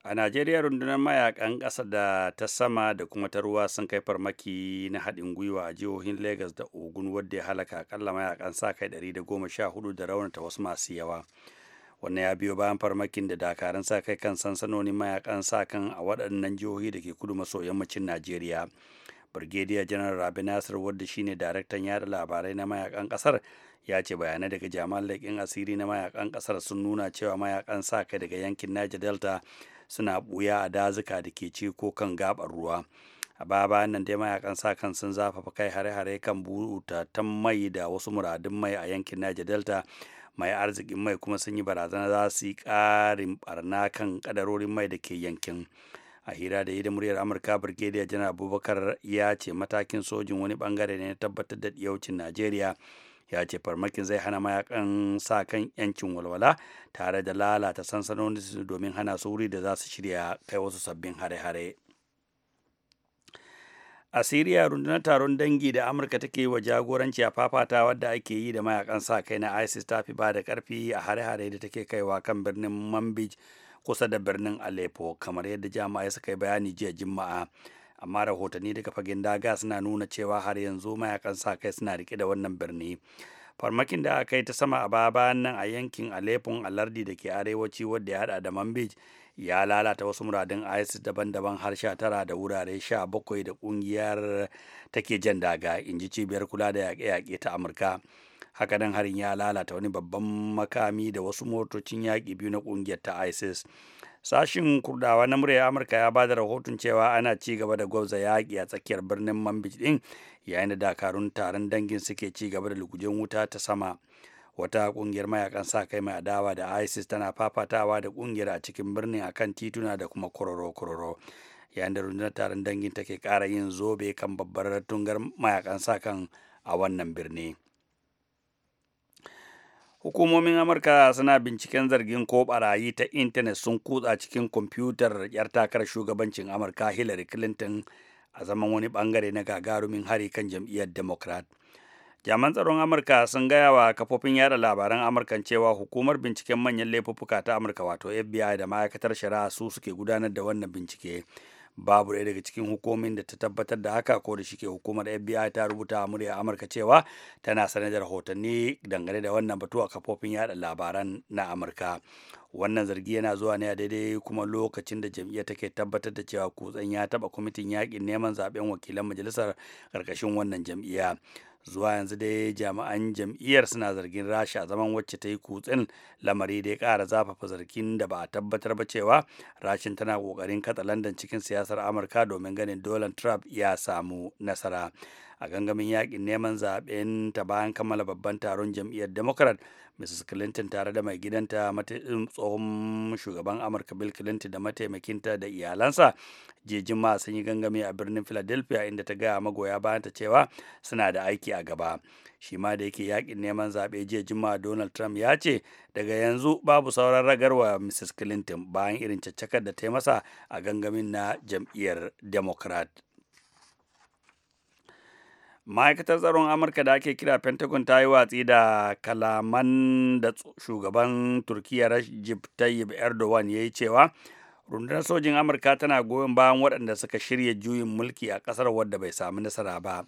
a najeriya rundunar mayakan ƙasa da ta sama da kuma ta ruwa sun kai farmaki na haɗin gwiwa a jihohin Legas da ogun wadda ya halaka akalla mayakan sa kai 114 da raunata wasu masu yawa wannan ya biyo bayan farmakin da dakarun sa kai kan sansanonin mayakan sa kan a waɗannan jihohi da ke kudu maso yammacin najeriya Birgediya General Rabi Nasir wadda shine daraktan yada labarai na mayakan kasar ya ce bayanai daga jami'an laƙin asiri na mayakan kasar sun nuna cewa mayakan sa kai daga yankin Niger Delta suna buya a dazuka da ke ci ko kan gabar ruwa a ba bayan nan dai mayakan sa kan sun zafafa kai hare-hare kan ta mai da wasu muradun mai a yankin Niger Delta mai arzikin mai kuma sun yi barazana za su yi karin barna kan kadarorin mai da ke yankin a hira da yi da muryar amurka birgediya janar abubakar ya ce matakin sojin wani bangare ne na tabbatar da diyaucin najeriya ya ce farmakin zai hana mayakan sa kan yancin walwala tare da lalata sansanoni domin hana su wuri da za su shirya kai wasu sabbin hare-hare a siriya rundunar taron dangi da amurka take yi wa jagoranci a fafata wadda ake yi da mayakan sa kai na isis ta fi ba da karfi a hare-hare da take kaiwa kan birnin manbij kusa da birnin aleppo kamar yadda jami'ai suka yi bayani jiya juma'a amma rahotanni daga fagen daga suna nuna cewa har yanzu mayakan sa kai suna rike da wannan birni farmakin da aka kai ta sama a nan a yankin alepon alardi da ke arewaci wadda ya hada da manbij ya lalata wasu muradun isis daban-daban har sha tara da wurare sha bakwai da kungiyar take jan daga in ji cibiyar kula da yaƙe-yaƙe ta amurka haka nan harin ya lalata wani babban makami da wasu motocin yaƙi biyu na kungiyar ta isis Sashin Kurdawa na murya Amurka ya ba da rahoton cewa ana ci gaba da gwauza yaƙi a tsakiyar birnin Manbij din yayin da dakarun taron dangin suke ci gaba da lugujen wuta ta sama. Wata ƙungiyar mayakan sa kai mai adawa da ISIS tana fafatawa da ƙungiyar a cikin birnin akan tituna da kuma kororo-kororo. Yayin da rundunar taron dangin take kara yin zobe kan babbar tungar mayakan sa kan a wannan birni. hukumomin amurka suna binciken zargin ko barayi ta intanet sun kutsa cikin kwamfutar yar takarar shugabancin amurka hillary clinton a zaman wani bangare na gagarumin hari kan jam'iyyar democrat jaman tsaron amurka sun gaya wa kafofin yada labaran amurka cewa hukumar binciken manyan laifuffuka ta amurka wato fbi da ma'aikatar shari'a su suke gudanar da wannan bincike babu ɗaya daga cikin hukumomin da ta tabbatar da haka ko da shike hukumar FBI ta rubuta a murya Amurka cewa tana sanar da rahotanni dangane da wannan batu a kafofin yaɗa labaran na Amurka. Wannan zargi yana zuwa ne a daidai kuma lokacin da jam'iyyar take tabbatar da cewa kutsen ya taɓa kwamitin yaƙin neman zaɓen wakilan majalisar ƙarƙashin wannan jam'iyya. zuwa yanzu dai jami'an jam'iyyar suna zargin rasha zaman wacce ta yi kutsin lamari da ya kara zafafa zargin da ba a tabbatar ba cewa rashin tana kokarin katsa london cikin siyasar amurka domin ganin donald trump ya samu nasara a gangamin yakin neman zaben ta bayan kammala babban taron jam'iyyar democrat mrs clinton tare da mai gidanta um, tsohon shugaban amurka bill clinton da mataimakinta da iyalansa jejin ma sun yi gangami a birnin philadelphia inda ta gaya magoya bayan ta cewa suna da aiki a gaba shi ma da yake yakin neman zaɓe jiya juma donald trump ya ce daga yanzu babu sauran ragarwa mrs clinton bayan irin caccakar da ta yi masa a gangamin na jam'iyyar democrat ma'aikatar tsaron amurka da ake kira pentagon ta yi watsi da kalaman da shugaban turkiya rajib tayyip erdogan ya yi cewa rundunar sojin amurka tana goyon bayan waɗanda suka shirya juyin mulki a ƙasar wadda bai samu nasara ba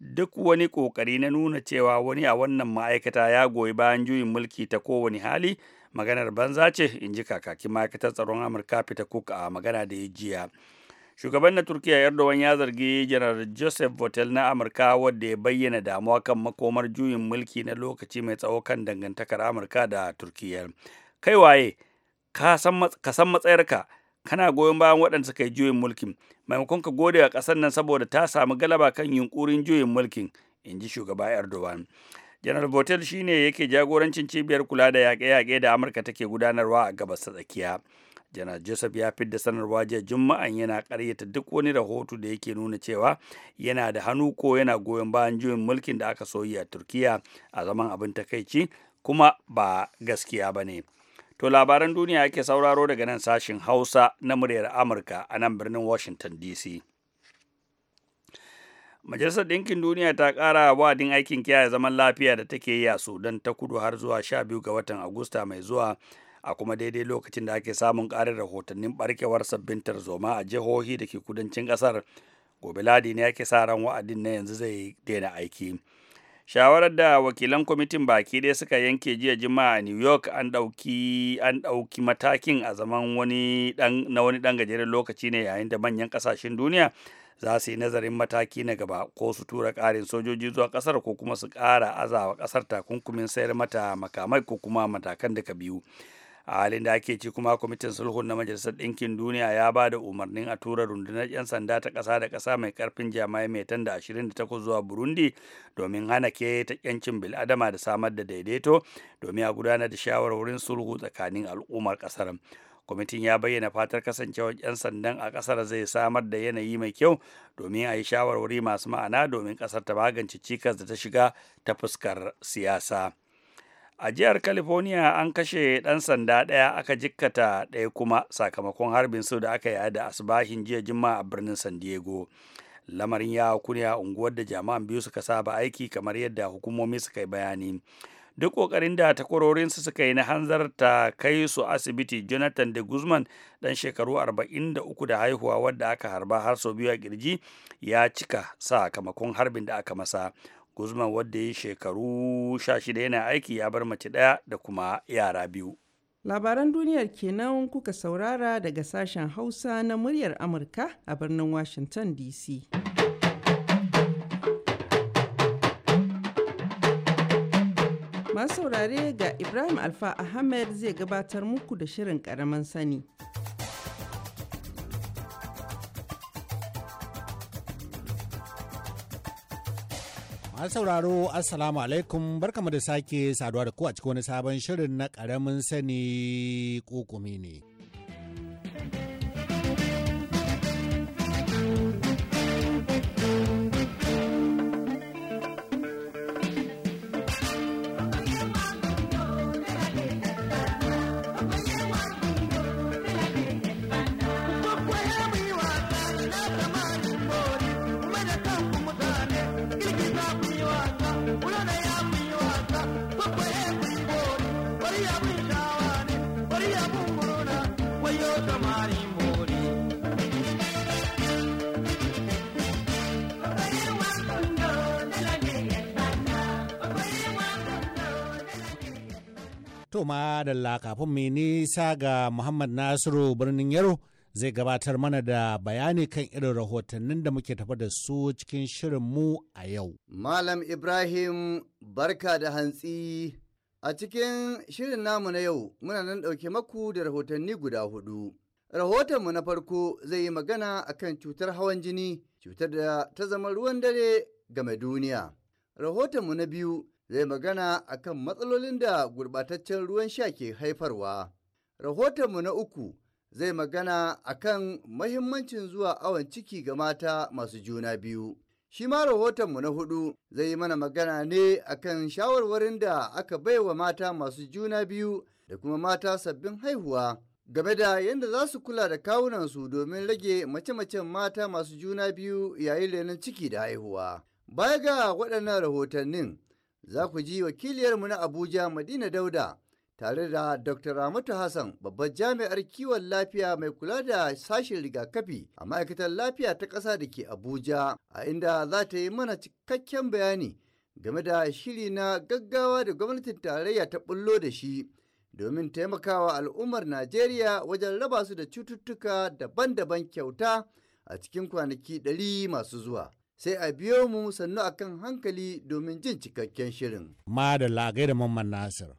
duk wani ƙoƙari na nuna cewa wani a wannan ma'aikata ya goyi bayan juyin mulki ta kowane hali maganar banza ce in ji kakakin ma'aikatar tsaron amurka peter cook a magana da ya jiya shugaban na turkiya erdogan ya zargi janar joseph votel na amurka wadda ya bayyana damuwa kan makomar juyin mulki na lokaci mai tsawo kan dangantakar amurka da turkiyya kai waye ka san matsayarka kana goyon bayan waɗanda suka yi juyin mulkin maimakon ka gode wa ƙasar nan saboda ta samu galaba kan yunkurin juyin mulkin in ji shugaba erdogan janar botel shine yake jagorancin cibiyar kula da yaƙe-yaƙe da amurka take gudanarwa a gabas ta tsakiya janar joseph ya fidda sanarwa jiya juma'an yana karyata duk wani rahoto da yake nuna cewa yana da hannu ko yana goyon bayan juyin mulkin da aka soyi a turkiya a zaman abin takaici kuma ba gaskiya ba ne to labaran duniya ake sauraro daga nan sashin hausa na muryar amurka a nan birnin washington dc Majalisar Ɗinkin Duniya ta ƙara wa'adin aikin kiyaye zaman lafiya da take yi a Sudan ta kudu har zuwa 12 ga watan Agusta mai zuwa a kuma daidai lokacin da ake samun ƙarin rahotannin barkewar sabbin tarzoma a jihohi da ke kudancin ƙasar. Gobe Ladi ne ake sa ran wa'adin na yanzu zai daina aiki. shawarar da wakilan kwamitin baki dai suka yanke jiya juma'a a new york an ɗauki an ɗauki matakin a zaman wani na wani ɗan gajeren lokaci ne yayin da manyan ƙasashen duniya za su yi nazarin mataki na gaba ko su tura ƙarin sojoji zuwa ƙasar ko kuma su ƙara azawa ƙasar takunkumin sayar mata makamai ko kuma matakan daga biyu a halin da ake ci kuma kwamitin sulhun na majalisar ɗinkin duniya ya ba da umarnin a tura rundunar 'yan sanda ta ƙasa da ƙasa mai ƙarfin jami'ai mai tan da 28 zuwa burundi domin hana ke ta yancin bil'adama da samar da daidaito domin a gudanar da shawarwarin sulhu tsakanin al'ummar ƙasar. kwamitin ya bayyana fatar kasancewar 'yan sandan a kasar zai samar da yanayi mai kyau domin a yi shawarwari masu ma'ana domin kasar ta magance cikas da ta shiga ta fuskar siyasa a jihar california an kashe ɗan sanda ɗaya aka jikkata ɗaya kuma sakamakon harbin su da aka yi da asibahin jiya juma'a a birnin san diego lamarin ya hukuni a unguwar da jama'an biyu suka saba aiki kamar yadda hukumomi suka yi bayani duk ƙoƙarin da takwarorinsu suka yi na hanzarta kai su asibiti jonathan de guzman ɗan shekaru 43 da haihuwa wadda aka harba har sau biyu a kirji ya cika sakamakon harbin da aka masa guzman wadda ya shekaru 16 yana aiki ya bar mace ɗaya da kuma yara biyu labaran duniyar kenan kuka saurara daga sashen hausa na muryar amurka a birnin washington dc Masu saurare ga Ibrahim Alfa Ahmed zai gabatar muku da shirin ƙaramin sani. Masu sauraro Assalamu alaikum barkamu da sake saduwa da ku a cikin wani sabon shirin na ƙaramin sani kokumi ne. To da kafin mai nisa ga Muhammad Nasiru birnin Yaro zai gabatar mana da bayani kan irin rahotannin da muke tafa da su cikin shirin mu a yau. Malam Ibrahim barka da hantsi a cikin shirin namu na yau muna nan ɗauke maku da rahotanni guda hudu. Rahotonmu na farko zai yi magana akan cutar hawan jini, cutar da ta zama ruwan dare game duniya. Rahotonmu na biyu zai magana akan matsalolin da gurbataccen ruwan sha ke haifarwa. Rahotonmu na uku zai magana akan mahimmancin zuwa awon ciki ga mata masu juna biyu. Shi ma rahotonmu na hudu zai yi mana magana ne akan shawarwarin da aka baiwa mata masu juna biyu da kuma mata sabbin haihuwa game da yadda za su kula da kawunansu domin rage mace-macen mata masu juna biyu yayin renon ciki da haihuwa. Baya ga waɗannan rahotannin, za ku ji wakiliyarmu na Abuja Madina Dauda tare da Dr. Ramatu Hassan babbar jami'ar kiwon lafiya mai kula da sashen rigakafi a ma'aikatar lafiya ta ƙasa da ke Abuja a inda za ta yi mana cikakken bayani game da shiri na gaggawa da gwamnatin tarayya ta bullo da shi domin taimakawa al'ummar Najeriya wajen raba su da cututtuka daban-daban kyauta a cikin kwanaki ɗari masu zuwa. sai a biyo mu sannu a kan hankali domin jin cikakken shirin. Ma da lagai da Mamman Nasir.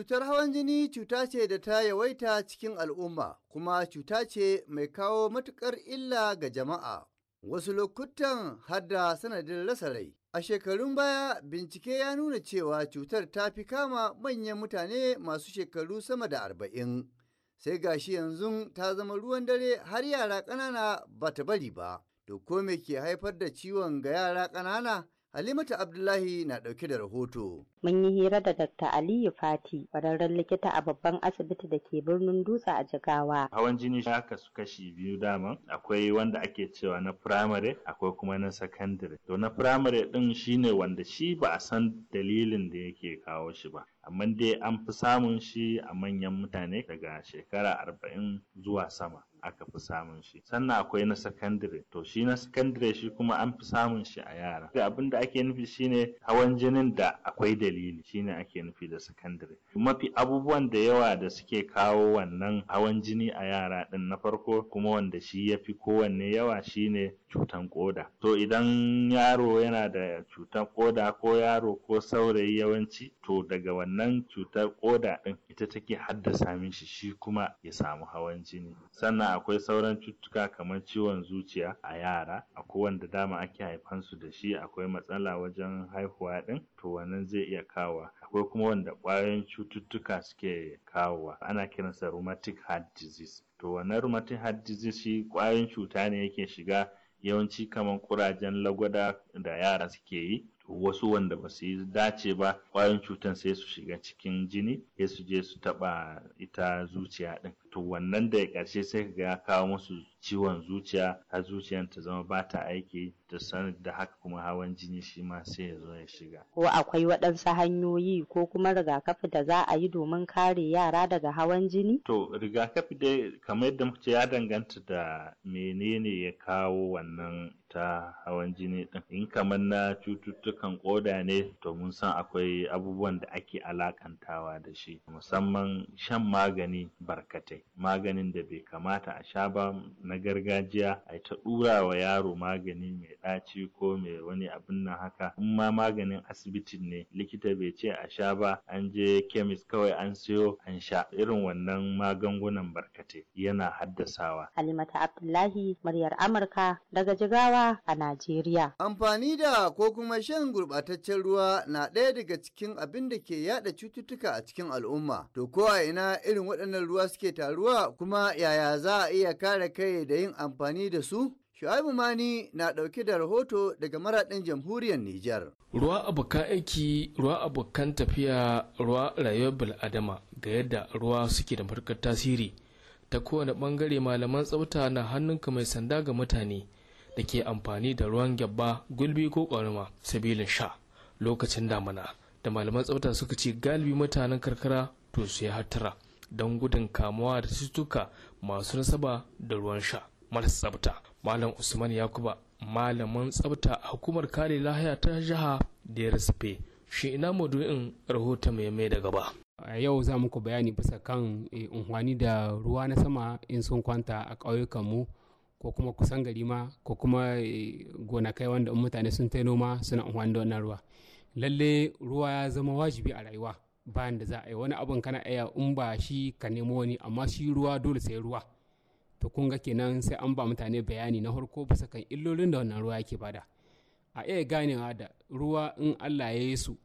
Cutar hawan jini cuta ce da ta yawaita cikin al'umma kuma cuta ce mai kawo matuƙar illa ga jama'a. Wasu lokutan hadda sanadin rasa rai. A shekarun baya bincike ya nuna cewa cutar ta fi kama manyan mutane masu shekaru sama da arba'in. Sai gashi yanzu ta zama ruwan dare har yara ƙanana ba ta bari ba. To ko me ke haifar da ciwon ga yara ƙanana? Halimatu Abdullahi na ɗauke da rahoto. mun yi hira da Dr. Aliyu Fati, kwararren likita a babban asibiti da ke birnin Dutse a Jigawa. Hawan jini ya kasu kashi biyu dama, akwai wanda ake cewa na primary, akwai kuma na secondary. To na primary din shine wanda shi ba a san dalilin da yake kawo shi ba. amma dai an fi samun shi a manyan mutane daga shekara arba'in zuwa sama aka fi samun shi sannan akwai na sakandire to shi na sakandire shi kuma an fi samun shi a yara abin da ake nufi shine hawan jinin da akwai da dalili shine ake nufi da secondary mafi abubuwan da yawa da suke kawo wannan hawan jini a yara ɗin na farko kuma wanda shi ya fi kowanne yawa shine cutan koda to idan yaro yana da cutan koda ko yaro ko saurayi yawanci to daga wannan cutar koda ɗin ita take haddasa mishi shi kuma ya samu hawan jini sannan akwai sauran cututtuka kamar ciwon zuciya a yara akwai wanda dama ake haifansu da shi akwai matsala wajen haihuwa ɗin? to wannan zai iya kawa akwai kuma wanda ƙwayoyin cututtuka suke kawowa ana kiransa rheumatic heart disease to wannan rheumatic heart disease shi ƙwayoyin cuta ne yake shiga yawanci kamar ƙurajen lagwada da yara suke yi To wasu wanda ba su yi dace ba ƙwayoyin cutan sai su shiga cikin jini sai su je su taɓa ita zuciya ɗin to wannan da ya ƙarshe sai ka ga ya kawo musu ciwon zuciya har zuciyar ta zama ba ta aiki da sanin da haka kuma hawan jini shi ma sai ya zo ya shiga. Ko akwai waɗansu hanyoyi ko kuma rigakafi da za a yi domin kare yara daga hawan jini? To rigakafi dai kamar yadda ce ya danganta da menene ya kawo wannan ta hawan jini ɗin? in kamar na cututtukan ƙodane, ne to mun san akwai abubuwan da ake alakantawa da shi musamman shan magani barkatai maganin da bai kamata a sha ba na gargajiya ai ta dura wa yaro magani mai ɗaci ko mai wani abin nan haka in ma maganin asibitin ne likita bai ce a sha ba an je kemis kawai an siyo an sha irin wannan magungunan barkate yana haddasawa halimata abdullahi muryar amurka daga jigawa a najeriya amfani da ko kuma shan gurbataccen ruwa na ɗaya daga cikin abin da ke yaɗa cututtuka a cikin al'umma to ko a ina irin waɗannan ruwa suke taruwa ruwa kuma yaya za a iya kare kai da yin amfani da su? Shu'aibu Mani na ɗauke da rahoto daga maraɗin jamhuriyar Nijar. Ruwa abokan aiki, ruwa abokan tafiya, ruwa rayuwar bil'adama ga yadda ruwa suke da farkar tasiri. Ta kowane ɓangare malaman tsafta na hannunka mai sanda ga mutane da ke amfani da ruwan gyabba, gulbi ko ƙwarima, sabilin sha lokacin damana. Da malaman tsafta suka ce galibi mutanen karkara to su ya hattara. don gudun kamuwa da cututtuka masu nasaba da ruwan sha marasa tsabta malam usman yakuba malamin tsabta a hukumar kare lahiya ta jiha da ya rasfe shi ina madu'in rahoton mai mai da gaba a yau za muku bayani bisa kan eh, unhwani da ruwa na sama in sun kwanta a ƙauyukanmu ko kuma kusan gari ma ko kuma eh, gonakai wanda mutane sun tai noma suna unhwani da wannan ruwa lalle ruwa ya zama wajibi a rayuwa bayan da za a yi wani abin kana iya in ba shi ka nemo wani amma shi ruwa dole sai ruwa to kun ga kenan sai an ba mutane bayani na harko. bisa kan illolin da wannan ruwa yake bada a iya ganewa da ruwa in Allah ya yi su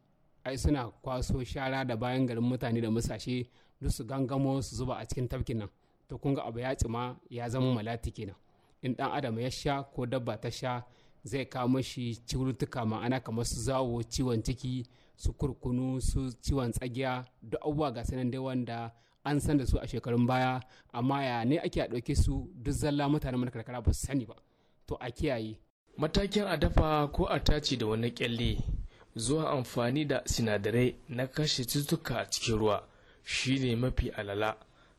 ai suna kwaso shara da bayan garin mutane da musashe duk su gangamo su zuba a cikin tafkin nan to kun ga abu ya tsima ya zama malati kenan in dan adam ya sha ko dabba ta sha zai kawo mashi cututtuka ma'ana kamar su zawo ciwon ciki su kurkunu su ciwon tsagiya da abubuwa ga sanan dai wanda an san da su a shekarun baya amma ya ne ake a ɗauke su duk zalla mutane mana karkara ba su sani ba to a kiyaye matakin a dafa ko a tace da wani kyalle zuwa amfani da sinadarai na kashe cututtuka a cikin ruwa shine mafi alala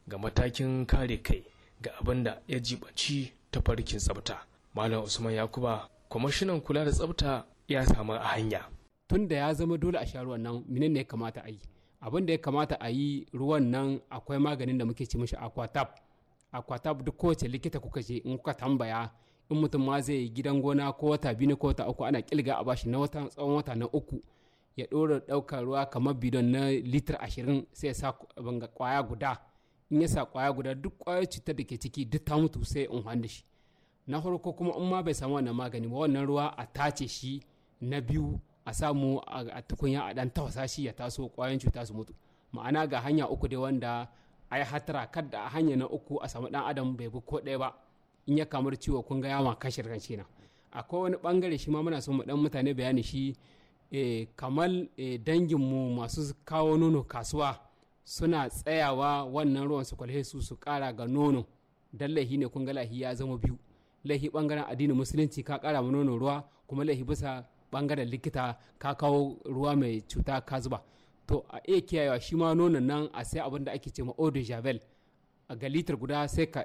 ga matakin kare kai ga abin da ya jibaci ta farkin tsafta malam usman yakuba kwamishinan kula da tsabta ya samu a hanya tun da ya zama dole a sha ruwan nan minin ne ya kamata a yi abin da ya kamata a yi ruwan nan akwai maganin da muke ci mishi aquatab. Aquatab duk kowace likita kuka je in kuka tambaya in mutum ma zai yi gidan gona ko wata biyu ko wata uku ana kilga a bashi na wata tsawon wata na uku ya ɗora ɗaukar ruwa kamar bidon na litir ashirin sai ya sa banga kwaya guda in ya sa kwaya guda duk kwayar cutar da ke ciki duk ta mutu sai in da shi na farko kuma in ma bai samu wannan magani ba wannan ruwa a tace shi na biyu a samu a tukunya a dan tafasa shi ya taso kwayan cuta su mutu ma'ana ga hanya uku dai wanda ai hatara kadda a hanya na uku a samu dan adam bai bi ko ɗaya ba in ya kamar ciwo kun ga yawan kashe kan shi akwai wani bangare shi ma muna son mu dan mutane bayani shi e, kamar e, mu masu kawo nono kasuwa suna tsayawa wannan ruwan su kwalhe su su kara ga nono dan lahi ne kun ga lahi ya zama biyu lahi bangaren addinin musulunci ka kara ma nono ruwa kuma lahi bisa bangaren likita ka kawo ruwa mai cuta ka zuba to a iya kiyayewa shi ma nonon nan a sai abin da ake ce ma eau de javel a ga litar guda sai ka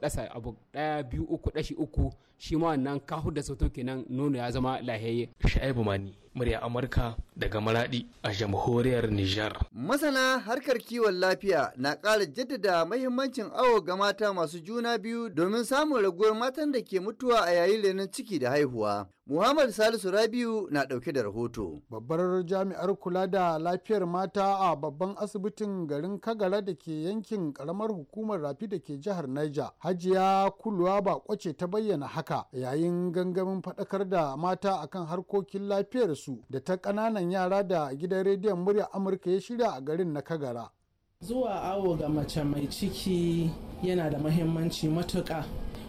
dasa abu daya biyu uku dashi uku shi ma wannan ka hudda sauto kenan nono ya zama lahiyayye shaibu mani murya amurka daga maradi a jamhuriyar nijar masana harkar kiwon lafiya na ƙara jaddada mahimmancin awo ga mata masu juna biyu domin samun raguwar matan da ke mutuwa a yayin renon ciki da haihuwa Muhammad Salisu Rabiu na ɗauke da rahoto. Babbar jami'ar kula da lafiyar mata a babban asibitin garin Kagara da ke yankin ƙaramar hukumar rafi da ke jihar Niger. Hajiya Kuluwa ba kwace ta bayyana haka yayin gangamin faɗakar da mata akan harkokin lafiyarsu da ta ƙananan yara da gidan rediyon murya Amurka ya shirya a garin na Kagara. Zuwa awo ga mace mai ciki yana da mahimmanci matuƙa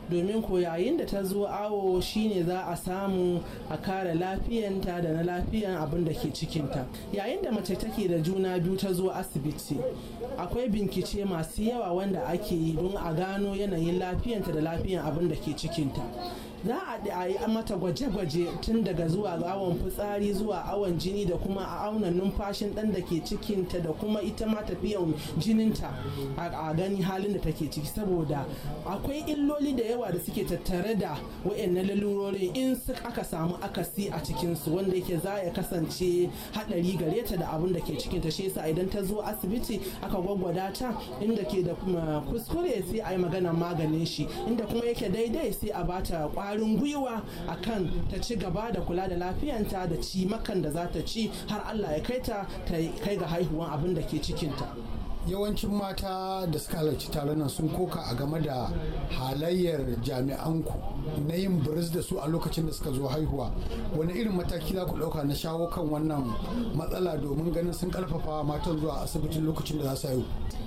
domin ko yayin da ta zo awo shine za a samu a kare lafiyanta da na lafiyan abin da ke cikinta yayin da mace take da juna biyu ta zo asibiti akwai bincike masu yawa wanda ake yi don a gano yanayin lafiyanta da lafiyan abin da ke cikinta za a yi mata gwaje-gwaje tun daga zuwa ga awon fitsari zuwa awon jini da kuma a auna numfashin dan da ke cikinta da kuma ita ma tafiyan ta a gani halin da take ciki saboda akwai illoli da yawa da suke tattare da wayannan lalurorin in su aka samu akasi a cikinsu wanda yake za ya kasance haɗari gare ta da abin da ke cikinta shi yasa idan ta zo asibiti aka gwaggwada ta inda ke da mm, kuskure sai a yi magana maganin shi inda kuma yake daidai sai a bata kwari ƙwarin gwiwa akan ta ci gaba da kula da lafiyanta da ci makan da za ta ci har Allah ya kai ta kai ga haihuwan abin da ke cikinta. yawancin mata da suka halarci taron nan sun koka a game da halayyar jami'anku na yin buris da su a lokacin da suka zo haihuwa wani irin mataki za ku ɗauka na shawo kan wannan matsala domin ganin sun karfafa matan zuwa asibitin lokacin da za su haihu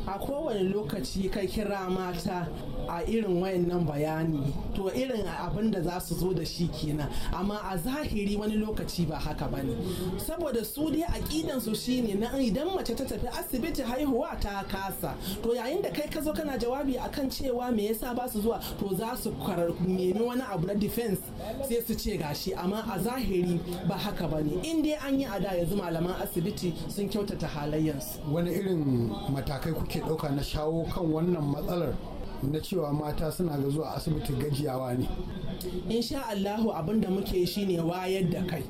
a kowane lokaci kai kira mata a irin wayannan bayani to irin abin da za su zo da shi kenan amma a zahiri wani lokaci ba haka bane saboda su dai aƙidansu shine na idan mace ta tafi asibiti haihuwa ta kasa to yayin da kai ka zo kana jawabi akan cewa me yasa ba su zuwa to za su nemi wani abu na defense sai su ce gashi amma a zahiri ba haka ba ne in dai an yi ada yanzu malaman asibiti sun kyautata su. wani irin matakai kuke ɗauka na shawo kan wannan matsalar na cewa mata suna ga zuwa asibiti gajiyawa ne insha Allahu abin da muke shine wayar da kai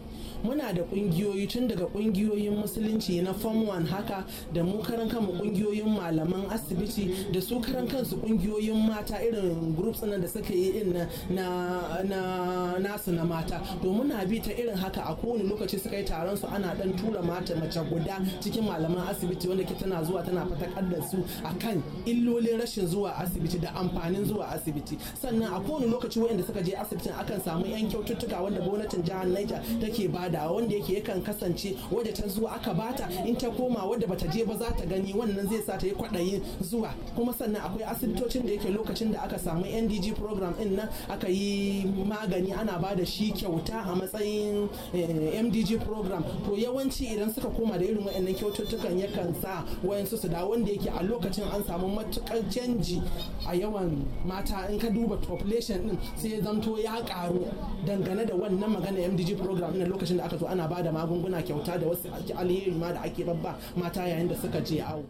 muna da kungiyoyi tun daga kungiyoyin musulunci na form one haka da mu karan kanmu kungiyoyin malaman asibiti da su karan kansu kungiyoyin mata irin groups nan da suka yi na na nasu na mata to muna bi ta irin haka a kowane lokaci suka yi taron su ana dan tura mata mace guda cikin malaman asibiti wanda ke tana zuwa tana fatakar da su akan illolin rashin zuwa asibiti da amfanin zuwa asibiti sannan a kowane lokaci wanda suka je asibitin akan samu yan kyaututtuka wanda gwamnatin jihar Niger take ba Da wanda yake yakan kasance wadda ta zuwa aka bata in ta koma wadda bata je ba za ta gani wannan zai sa ta yi kwadayi zuwa kuma sannan akwai asibitocin da yake lokacin da aka samu ndg program din nan aka yi magani ana ba da shi kyauta a matsayin eh, mdg program to yawanci idan suka koma da irin wa'annan kyaututtukan yakan sa wayansu su da wanda yake a lokacin an samu matukar canji a yawan mata in ka duba population din sai ya zanto ya karu dangane da wannan magana mdg program na lokacin lokacin da aka zo ana ba da magunguna kyauta da wasu alheri ma da ake babba mata yayin da suka je awo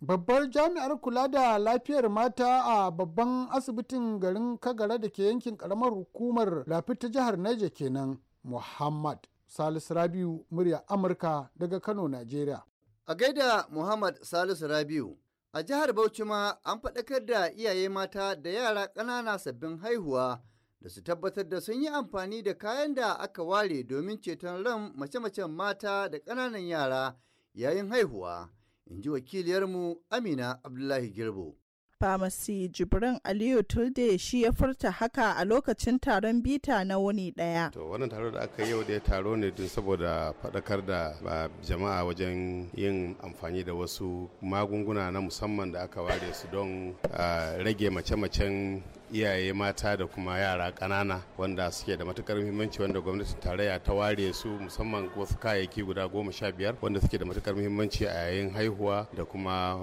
babbar jami'ar kula da lafiyar mata a babban asibitin garin kagara da ke yankin karamar hukumar lafi ta jihar naija kenan muhammad salisu rabiu murya amurka daga kano nigeria a gaida muhammad salisu rabiu a jihar bauchi ma an faɗakar da iyaye mata da yara ƙanana sabbin haihuwa da su tabbatar da sun yi amfani da kayan da aka ware domin ceton ran mace-macen mata da ƙananan yara yayin haihuwa, in ji wakiliyarmu Amina Abdullahi Girbo. pharmacy Jibrin Aliyu Tulde shi ya furta haka a lokacin taron bita na wuni daya. To wannan taro da aka yau da taro ne don saboda faɗakar da jama'a wajen yin amfani da wasu magunguna na musamman da aka ware su don ah, rage mace-macen iyaye mata da kuma yara ƙanana wanda suke da matukar muhimmanci wanda gwamnatin tarayya ta ware su musamman wasu kayayyaki guda goma sha biyar wanda suke da matukar muhimmanci a yayin haihuwa da kuma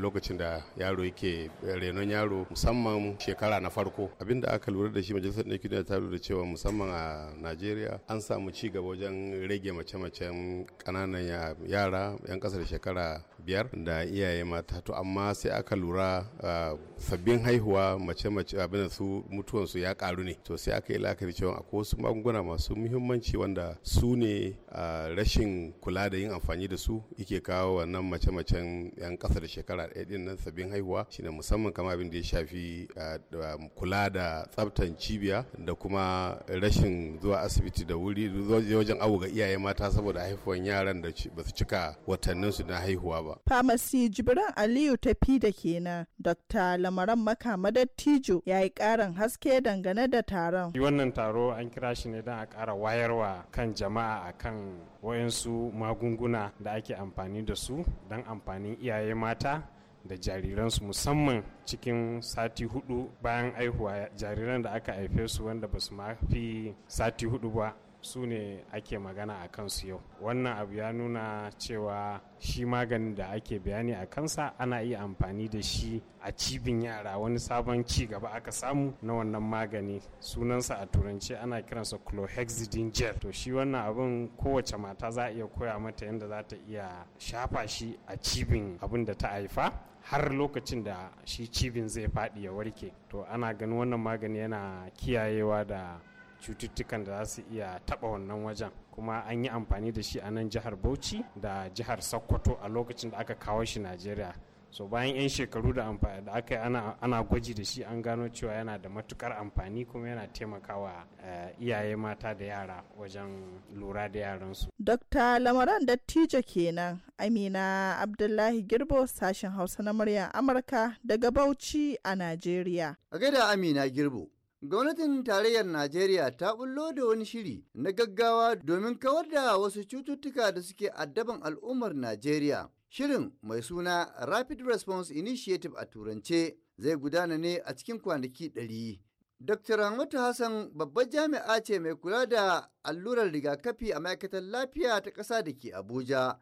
lokacin da yaro yake renon yaro musamman shekara na farko abinda aka lura da shi majalisar ɗinkin duniya ta lura cewa musamman a najeriya an samu ci gaba wajen rage mace-macen ƙananan yara 'yan ƙasar shekara biyar da iyaye mata to amma sai aka lura sabbin haihuwa mace mace abin su mutuwan su ya karu ne to sai aka yi la'akari cewa akwai wasu magunguna masu muhimmanci wanda su ne rashin kula da yin amfani da su yake kawo wannan mace macen yan kasa da shekara ɗaya din nan sabbin haihuwa shine musamman kama abin da ya shafi kula da tsaftan cibiya da kuma rashin zuwa asibiti da wuri wajen abu ga iyaye mata saboda haihuwan yaran da basu su cika su na haihuwa ba Famasi Jibran Aliyu ta fi da kenan Dr. Lamaran Makamadar Tijo ya yi ƙarin haske dangane da taron. Wannan taro an kira shi ne don a ƙara wayarwa kan jama'a a kan wayansu magunguna da ake amfani da su don amfanin iyaye mata da jariransu musamman cikin sati hudu bayan aihuwa jariran da aka haife su wanda ba su ma fi sati hudu ba su ne ake magana a kansu yau wannan abu ya nuna cewa shi maganin da ake bayani a kansa ana iya amfani da shi a cibin yara wani sabon ci gaba aka samu na wannan magani sunansa a turanci ana kiransa clohexidine gel to shi wannan abun kowace mata za a iya koya mata yadda za ta iya shafa shi a cibin abin da ta haifa har lokacin da shi cibin zai faɗi ya warke to ana ganin wannan magani yana kiyayewa da cututtukan da za su iya taɓa wannan wajen kuma an yi amfani da shi a nan jihar bauchi da jihar sokoto a lokacin da aka kawo shi najeriya so bayan 'yan shekaru da amfani da aka yi ana, gwaji da shi an gano cewa yana da matukar amfani kuma yana taimakawa eh, iyaye mata da yara wajen lura da yaran su. Dokta Lamaran Dattijo kenan Amina Abdullahi Girbo sashen Hausa na murya Amurka daga Bauchi a nigeria. A gaida Amina Girbo. Gwamnatin tarayyar Najeriya ta bullo da wani shiri na gaggawa domin kawar da wasu cututtuka da suke addaban al'ummar Najeriya. Shirin mai suna Rapid Response Initiative a Turance zai gudana ne a cikin kwanaki ɗari. Dr. Ramatu Hassan babbar jami'a ce mai kula da allurar rigakafi a ma'aikatar lafiya ta ƙasa da ke Abuja.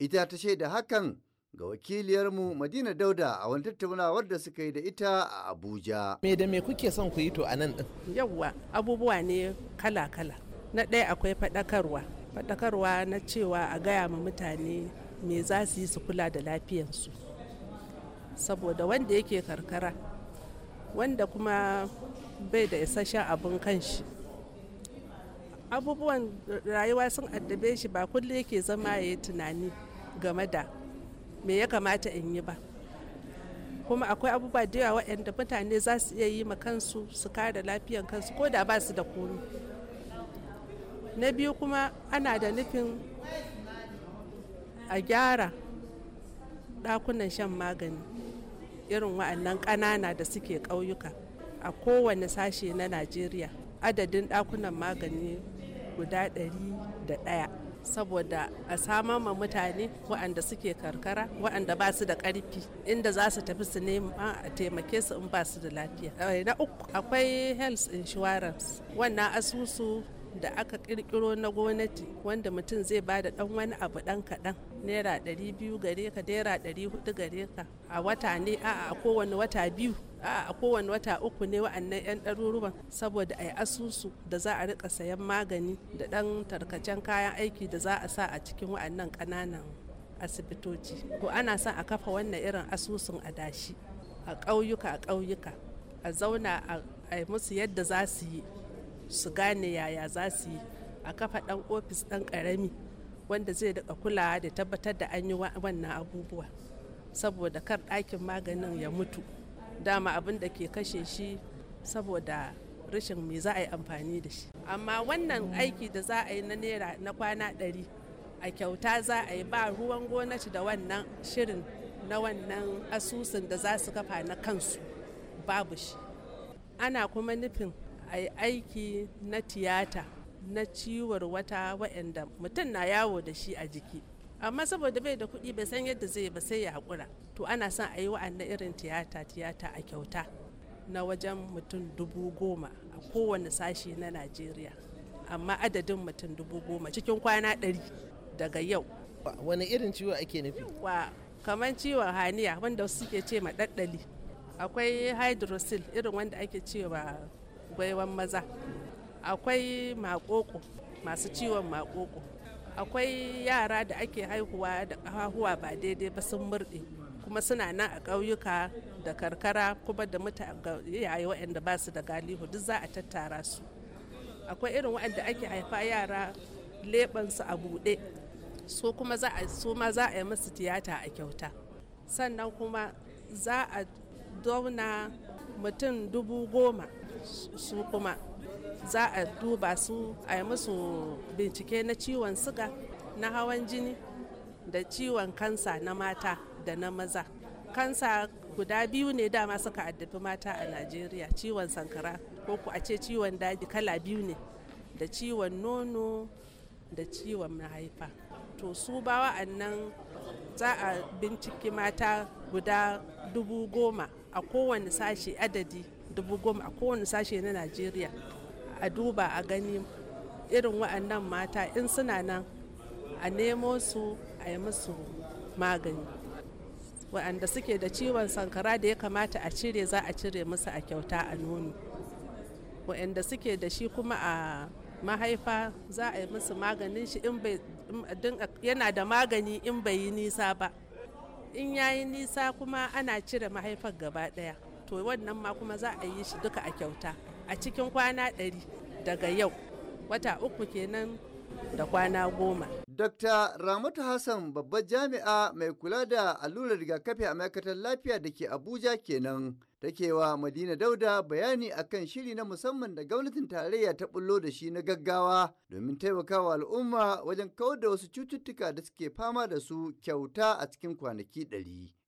Ita ta shaida hakan ga wakiliyarmu Madina Dauda a wani tattaunawar da suka yi da ita a Abuja. Me da me kuke son ku yi to a nan din? Yawwa abubuwa ne kala-kala. Na ɗaya akwai faɗakarwa. Faɗakarwa na cewa a gaya ma mutane me za su yi su kula da lafiyansu. Saboda wanda yake karkara, wanda kuma bai da isasshen abin kanshi. Abubuwan rayuwa sun addabe shi ba kullum yake zama ya yi tunani game da me ya kamata in yi ba kuma akwai abubuwa da yawa waɗanda mutane za su iya yi ma kansu su kare lafiyan kansu ko da ba su da komi na biyu kuma ana da nufin a gyara ɗakunan shan magani irin wa'annan ƙanana da suke ƙauyuka a kowane sashe na najeriya adadin ɗakunan magani guda ɗari da ɗaya saboda a samar ma mutane waɗanda suke karkara waɗanda ba su da ƙarfi inda za su tafi su nema a taimake su in ba su da lafiya eh, na uku akwai health insurance wannan asusu da aka kirkiro na gwamnati wanda mutum zai ba da dan wani abu dan kaɗan naira ɗari biyu gare ka naira ɗari hudu gare ka a wata ne a a kowane wata biyu a a kowane wata uku ne wa'annan yan ɗaruruwan saboda a yi asusu da za a rika sayan magani da ɗan tarkacen kayan aiki da za a sa a cikin wa'annan ƙananan asibitoci ko ana son a kafa wannan irin asusun adashi a ƙauyuka a ƙauyuka a zauna a musu yadda za su yi su gane yaya za su yi a kafa ɗan ofis ɗan karami wanda zai daga kulawa da tabbatar da an yi wannan abubuwa saboda kar ɗakin maganin ya mutu dama abin da ke kashe shi saboda rashin me za a yi amfani da shi amma wannan aiki da za a yi na naira na kwana ɗari a kyauta za a yi ba ruwan gwamnati da wannan shirin na wannan asusun da za su kafa na kansu babu shi ana kuma nufin a yi aiki na tiyata na ciwar wata waɗanda mutum na yawo da shi a jiki amma saboda bai da kuɗi bai san yadda zai ba sai ya haƙura to ana son a yi wa'annan irin tiyata tiyata a kyauta na wajen mutum dubu goma a kowane sashi na najeriya amma adadin mutum dubu goma cikin kwana ɗari daga yau wani irin ciwo ake nufi wa kamar ciwon haniya wanda suke ce ma akwai hydrosil irin wanda ake cewa gwaiwan maza akwai makoko masu ciwon makoko akwai yara da ake haihuwa da ba daidai ba sun murɗe kuma suna nan a ƙauyuka da karkara kuma da yayi waɗanda ba su da galihu duk za a tattara su akwai irin waɗanda ake haifa yara su a buɗe su kuma za a za a yi musu tiyata a kyauta sannan kuma za a zauna mutum dubu goma su kuma za a duba su a yi musu bincike na ciwon siga na hawan jini da ciwon kansa na mata da na maza kansa guda biyu ne dama suka addabi mata a najeriya ciwon sankara ko ku a ce ciwon daji kala biyu ne da ciwon nono da ciwon mahaifa to su ba wa'annan za a binciki mata guda dubu goma a kowane sashi adadi dubu goma a kowane sashe na najeriya a duba a gani irin wa'annan mata in suna nan a nemo su a yi musu magani wa'anda suke da ciwon sankara da ya kamata a cire za a cire musu a kyauta a nono wa'anda suke da shi kuma a mahaifa za a yi musu maganin shi yana da magani in bai yi nisa ba in yayi nisa kuma ana cire mahaifar gaba daya to wannan ma kuma za a yi shi duka a kyauta a cikin kwana ɗari daga yau wata uku kenan da kwana goma. Dr. Ramatu Hassan babbar jami'a mai kula da allurar rigakafi a ma'aikatar lafiya da ke Abuja kenan. Take wa Madina Dauda bayani akan shiri na musamman da gwamnatin tarayya ta bullo da shi na gaggawa domin taimakawa al'umma wajen kawar da wasu cututtuka da suke fama da su kyauta a cikin kwanaki ɗari.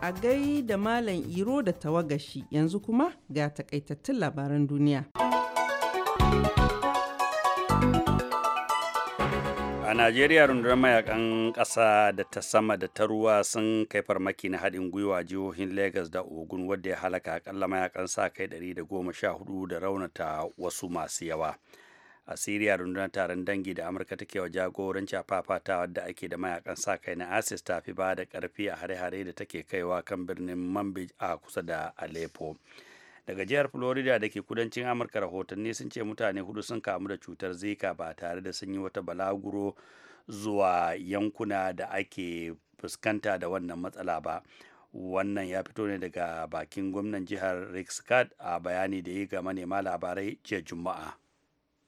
a gai da Malam Iro da tawagashi yanzu kuma ga takaitattun labaran duniya. A Najeriya rundunar mayakan ƙasa da ta sama da ta ruwa sun kai farmaki na haɗin gwiwa jihohin Legas da Ogun wadda ya halaka akalla mayakan sa kai 114 da raunata wasu masu yawa. a siriya rundunar taron dangi da amurka take wa jagoranci a fafatawa da ake da mayakan sa kai na asis ta fi ba da karfi a hare-hare da take kaiwa kan birnin manbij a kusa da aleppo daga jihar florida da ke kudancin amurka rahotanni sun ce mutane hudu sun kamu da cutar zika ba tare da sun yi wata balaguro zuwa yankuna da ake fuskanta da wannan matsala ba wannan ya fito ne daga bakin gwamnan jihar rick scott a bayani da yi ga manema labarai jiya juma'a